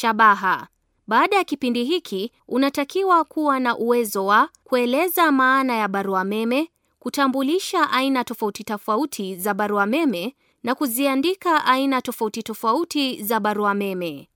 Shabaha. Baada ya kipindi hiki, unatakiwa kuwa na uwezo wa kueleza maana ya barua meme, kutambulisha aina tofauti tofauti za barua meme na kuziandika aina tofauti tofauti za barua meme.